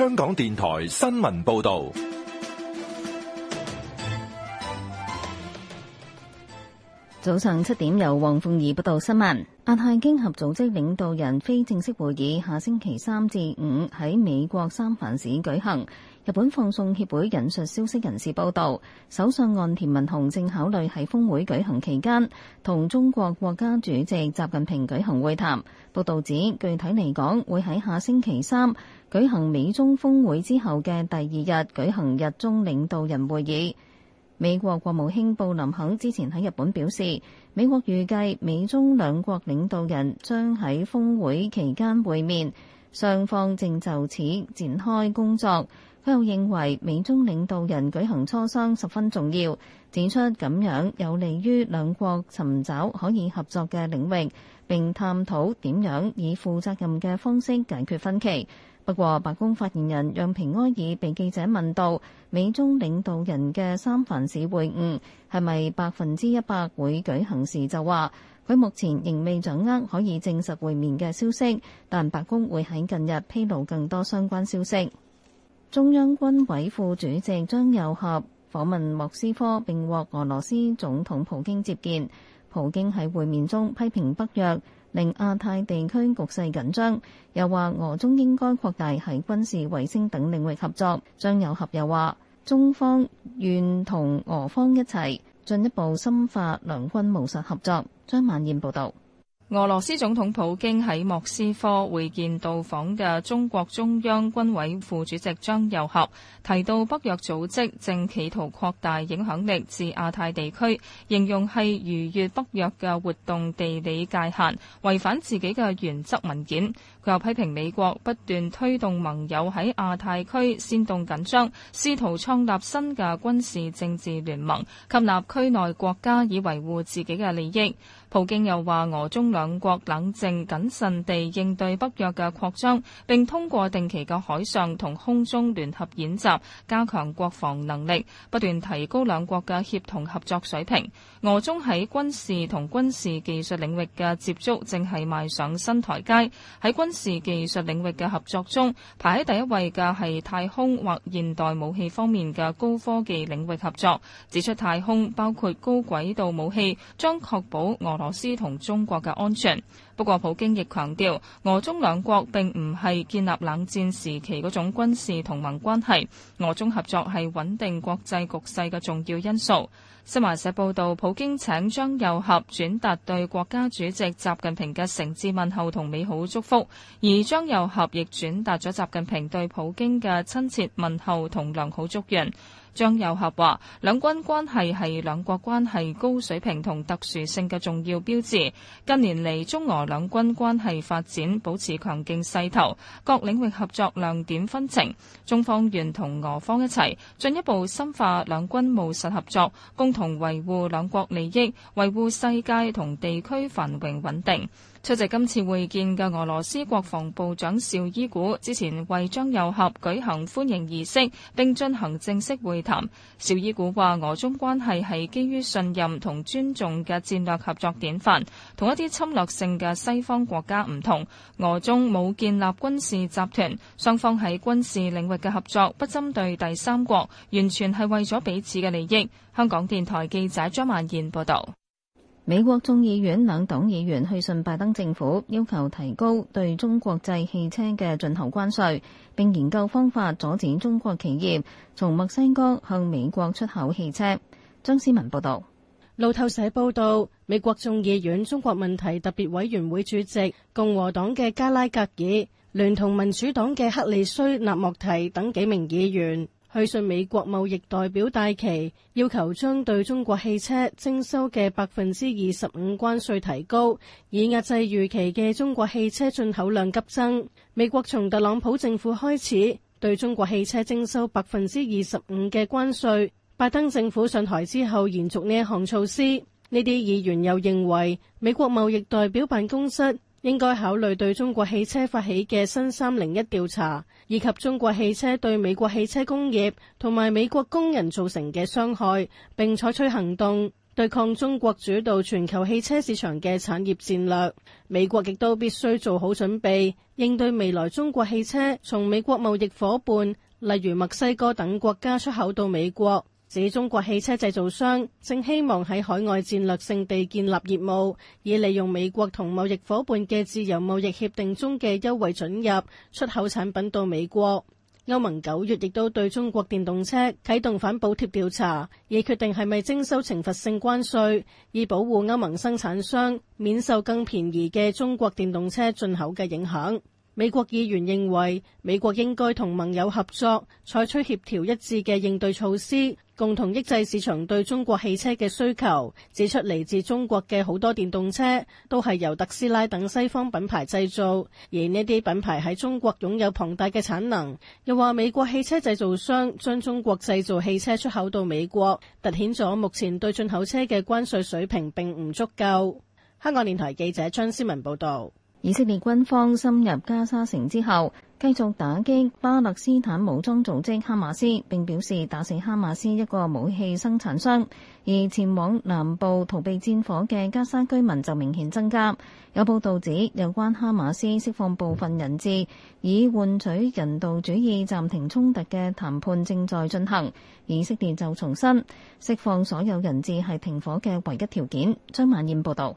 香港電台新聞報道。早上七點，由黃鳳儀報道新聞。亞太經合組織領導人非正式會議下星期三至五喺美國三藩市舉行。日本放送協會引述消息人士報道，首相岸田文雄正考慮喺峰會舉行期間同中國國家主席習近平舉行會談。報道指，具體嚟講，會喺下星期三舉行美中峰會之後嘅第二日舉行日中領導人會議。美國國務卿布林肯之前喺日本表示，美國預計美中兩國領導人將喺峰會期間會面，雙方正就此展開工作。佢又認為美中領導人舉行磋商十分重要，指出咁樣有利於兩國尋找可以合作嘅領域，並探討點樣以負責任嘅方式解決分歧。不過，白宮發言人讓平埃爾被記者問到美中領導人嘅三藩市會晤係咪百分之一百會舉行時，就話佢目前仍未掌握可以證實會面嘅消息，但白宮會喺近日披露更多相關消息。中央軍委副主席張又俠訪問莫斯科並獲俄羅斯總統普京接見，普京喺會面中批評北約，令亞太地區局勢緊張，又話俄中應該擴大喺軍事、衛星等領域合作。張又俠又話，中方願同俄方一齊進一步深化兩軍務實合作。張萬燕報道。俄羅斯總統普京喺莫斯科會見到訪嘅中國中央軍委副主席張又俠，提到北約組織正企圖擴大影響力至亞太地區，形容係逾越北約嘅活動地理界限，違反自己嘅原則文件。佢又批評美國不斷推動盟友喺亞太區煽動緊張，試圖創立新嘅軍事政治聯盟，吸納區內國家以維護自己嘅利益。普京又話俄中兩國冷靜謹慎地應對北約嘅擴張，並通過定期嘅海上同空中聯合演習，加強國防能力，不斷提高兩國嘅協同合作水平。俄中喺軍事同軍事技術領域嘅接觸正係邁上新台階。喺軍事技術領域嘅合作中，排喺第一位嘅係太空或現代武器方面嘅高科技領域合作。指出太空包括高軌道武器，將確保俄俄羅斯同中國嘅安全。不過，普京亦強調，俄中兩國並唔係建立冷戰時期嗰種軍事同盟關係。俄中合作係穩定國際局勢嘅重要因素。新華社報道，普京請張又俠轉達對國家主席習近平嘅誠摯問候同美好祝福，而張又俠亦轉達咗習近平對普京嘅親切問候同良好祝願。張又俠話，兩軍關係係兩國關係高水平同特殊性嘅重要標誌。近年嚟，中俄兩軍關係發展保持強勁勢頭，各領域合作亮點紛呈。中方願同俄方一齊，進一步深化兩軍務實合作，共同維護兩國利益，維護世界同地區繁榮穩定。出席今次會見嘅俄羅斯國防部長邵伊古之前為張又俠舉行歡迎儀式並進行正式會談。邵伊古話：俄中關係係基於信任同尊重嘅戰略合作典範，同一啲侵略性嘅西方國家唔同。俄中冇建立軍事集團，雙方喺軍事領域嘅合作不針對第三國，完全係為咗彼此嘅利益。香港電台記者張曼燕報道。美國眾議院兩黨議員去信拜登政府，要求提高對中國製汽車嘅進口關稅，並研究方法阻止中國企業從墨西哥向美國出口汽車。張思文報道。路透社報道，美國眾議院中國問題特別委員會主席共和黨嘅加拉格爾，聯同民主黨嘅克利須納莫提等幾名議員。去信美國貿易代表戴琪，要求將對中國汽車徵收嘅百分之二十五關稅提高，以壓制預期嘅中國汽車進口量急增。美國從特朗普政府開始對中國汽車徵收百分之二十五嘅關稅，拜登政府上台之後延續呢一項措施。呢啲議員又認為美國貿易代表辦公室應該考慮對中國汽車發起嘅新三零一調查，以及中國汽車對美國汽車工業同埋美國工人造成嘅傷害，並採取行動，對抗中國主導全球汽車市場嘅產業戰略。美國亦都必須做好準備，應對未來中國汽車從美國貿易伙伴，例如墨西哥等國家出口到美國。指中國汽車製造商正希望喺海外戰略性地建立業務，以利用美國同貿易夥伴嘅自由貿易協定中嘅優惠准入出口產品到美國。歐盟九月亦都對中國電動車啟動反補貼調查，以決定係咪徵收懲罰性關稅，以保護歐盟生產商免受更便宜嘅中國電動車進口嘅影響。美國議員認為，美國應該同盟友合作，採取協調一致嘅應對措施。共同抑制市場對中國汽車嘅需求，指出嚟自中國嘅好多電動車都係由特斯拉等西方品牌製造，而呢啲品牌喺中國擁有龐大嘅產能，又話美國汽車製造商將中國製造汽車出口到美國，突顯咗目前對進口車嘅關稅水平並唔足夠。香港電台記者張思文報道。以色列軍方深入加沙城之後，繼續打擊巴勒斯坦武裝組織哈馬斯，並表示打死哈馬斯一個武器生產商。而前往南部逃避戰火嘅加沙居民就明顯增加。有報道指，有關哈馬斯釋放部分人質，以換取人道主義暫停衝突嘅談判正在進行。以色列就重申，釋放所有人質係停火嘅唯一條件。張曼燕報道。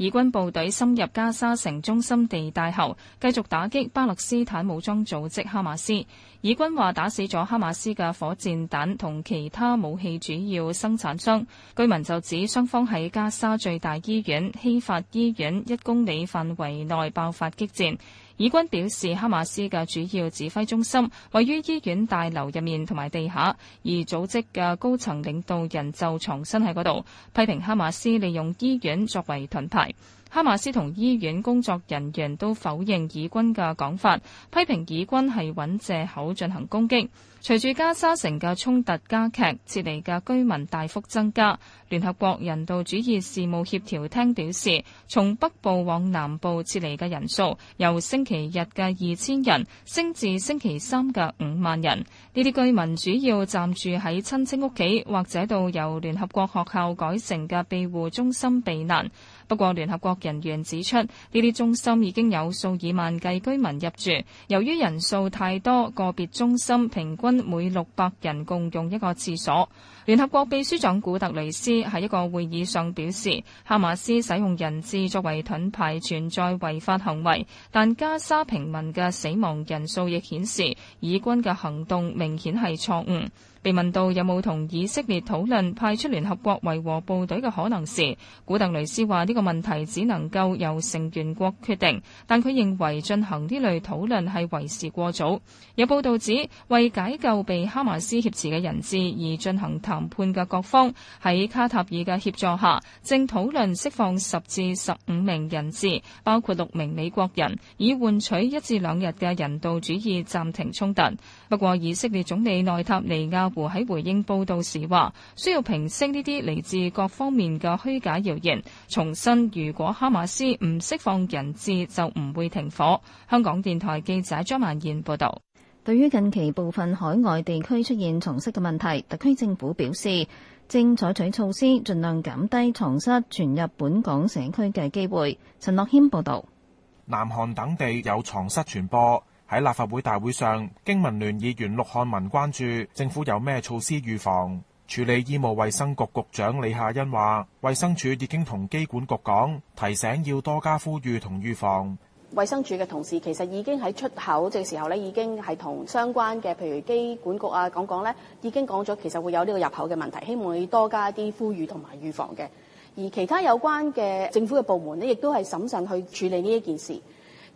以軍部隊深入加沙城中心地帶後，繼續打擊巴勒斯坦武裝組織哈馬斯。以軍話打死咗哈馬斯嘅火箭彈同其他武器主要生產商。居民就指雙方喺加沙最大醫院、希法醫院一公里範圍內爆發激戰。以軍表示，哈馬斯嘅主要指揮中心位於醫院大樓入面同埋地下，而組織嘅高層領導人就藏身喺嗰度，批評哈馬斯利用醫院作為盾牌。哈馬斯同醫院工作人員都否認以軍嘅講法，批評以軍係揾藉口進行攻擊。隨住加沙城嘅衝突加劇，撤離嘅居民大幅增加。聯合國人道主義事務協調廳表示，從北部往南部撤離嘅人數由星期日嘅二千人升至星期三嘅五萬人。呢啲居民主要暫住喺親戚屋企，或者到由聯合國學校改成嘅庇護中心避難。不過，聯合國人員指出，呢啲中心已經有數以萬計居民入住。由於人數太多，個別中心平均每六百人共用一個廁所。聯合國秘書長古特雷斯喺一個會議上表示，哈馬斯使用人質作為盾牌存在違法行為，但加沙平民嘅死亡人數亦顯示，以軍嘅行動明顯係錯誤。被問到有冇同以色列討論派出聯合國維和部隊嘅可能時，古特雷斯話呢個問題只能夠由成員國決定，但佢認為進行呢類討論係為時過早。有報道指，為解救被哈馬斯挾持嘅人質而進行談判嘅各方喺卡塔爾嘅協助下，正討論釋放十至十五名人質，包括六名美國人，以換取一至兩日嘅人道主義暫停衝突。不過，以色列總理內塔尼亞。喺回應報道時話：需要平息呢啲嚟自各方面嘅虛假謠言，重申如果哈馬斯唔釋放人質，就唔會停火。香港電台記者張曼燕報道。對於近期部分海外地區出現床蝨嘅問題，特區政府表示正採取措施，盡量減低床蝨傳入本港社區嘅機會。陳樂謙報道。南韓等地有床蝨傳播。喺立法會大會上，經民聯議員陸漢文關注政府有咩措施預防處理？醫務衛生局局長李夏欣話，衛生署已經同機管局講，提醒要多加呼籲同預防。衛生署嘅同事其實已經喺出口嘅時候呢已經係同相關嘅，譬如機管局啊講講咧，已經講咗其實會有呢個入口嘅問題，希望你多加啲呼籲同埋預防嘅。而其他有關嘅政府嘅部門呢亦都係審慎去處理呢一件事。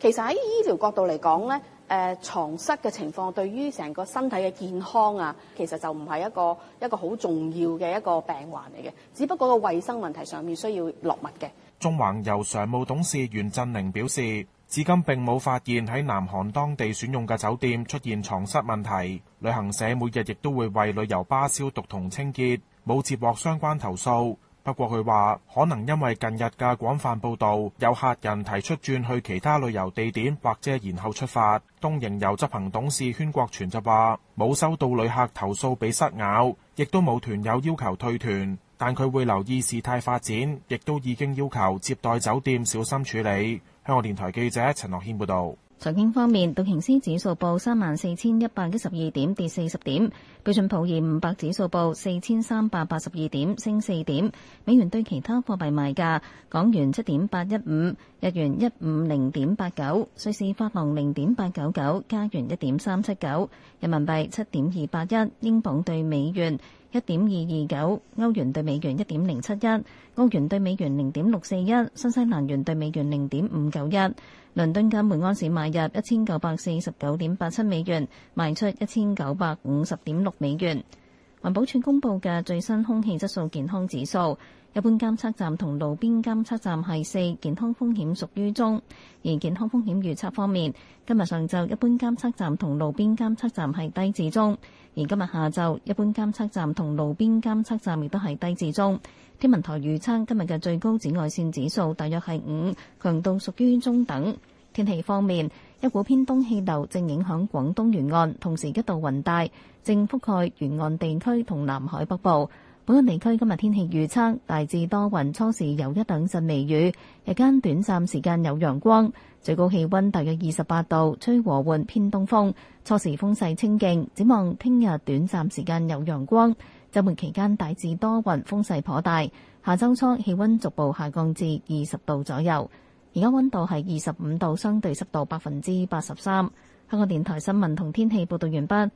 其實喺醫療角度嚟講咧。誒床蝨嘅情況對於成個身體嘅健康啊，其實就唔係一個一個好重要嘅一個病患嚟嘅。只不過個衞生問題上面需要落實嘅。中環遊常務董事袁振寧表示，至今並冇發現喺南韓當地選用嘅酒店出現床蝨問題。旅行社每日亦都會為旅遊巴消毒同清潔，冇接獲相關投訴。不過，佢話可能因為近日嘅廣泛報道，有客人提出轉去其他旅遊地點，或者延後出發。東瀛遊執行董事禤國全就話：冇收到旅客投訴畀蝨咬，亦都冇團友要求退團，但佢會留意事態發展，亦都已經要求接待酒店小心處理。香港電台記者陳樂軒報導。財經方面，道瓊斯指數報三萬四千一百一十二點，跌四十點。標準普爾五百指數報四千三百八十二點，升四點。美元對其他貨幣賣價，港元七點八一五，日元一五零點八九，瑞士法郎零點八九九，加元一點三七九，人民幣七點二八一，英鎊對美元。一點二二九，歐元兌美元一點零七一，歐元兌美元零點六四一，新西蘭元兌美元零點五九一。倫敦金每安士買入一千九百四十九點八七美元，賣出一千九百五十點六美元。環保署公布嘅最新空氣質素健康指數。一般監測站同路邊監測站係四，健康風險屬於中，而健康風險預測方面，今日上晝一般監測站同路邊監測站係低至中，而今日下晝一般監測站同路邊監測站亦都係低至中。天文台預測今日嘅最高紫外線指數大約係五，強度屬於中等。天氣方面，一股偏東氣流正影響廣東沿岸，同時一道雲帶，正覆蓋沿岸地區同南海北部。本地區今日天氣預測，大致多雲，初時有一兩陣微雨，日間短暫時間有陽光，最高氣溫大約二十八度，吹和緩偏東風，初時風勢清勁。展望聽日短暫時間有陽光，周末期間大致多雲，風勢頗大。下周初氣溫逐步下降至二十度左右。而家溫度係二十五度，相對濕度百分之八十三。香港電台新聞同天氣報道完畢。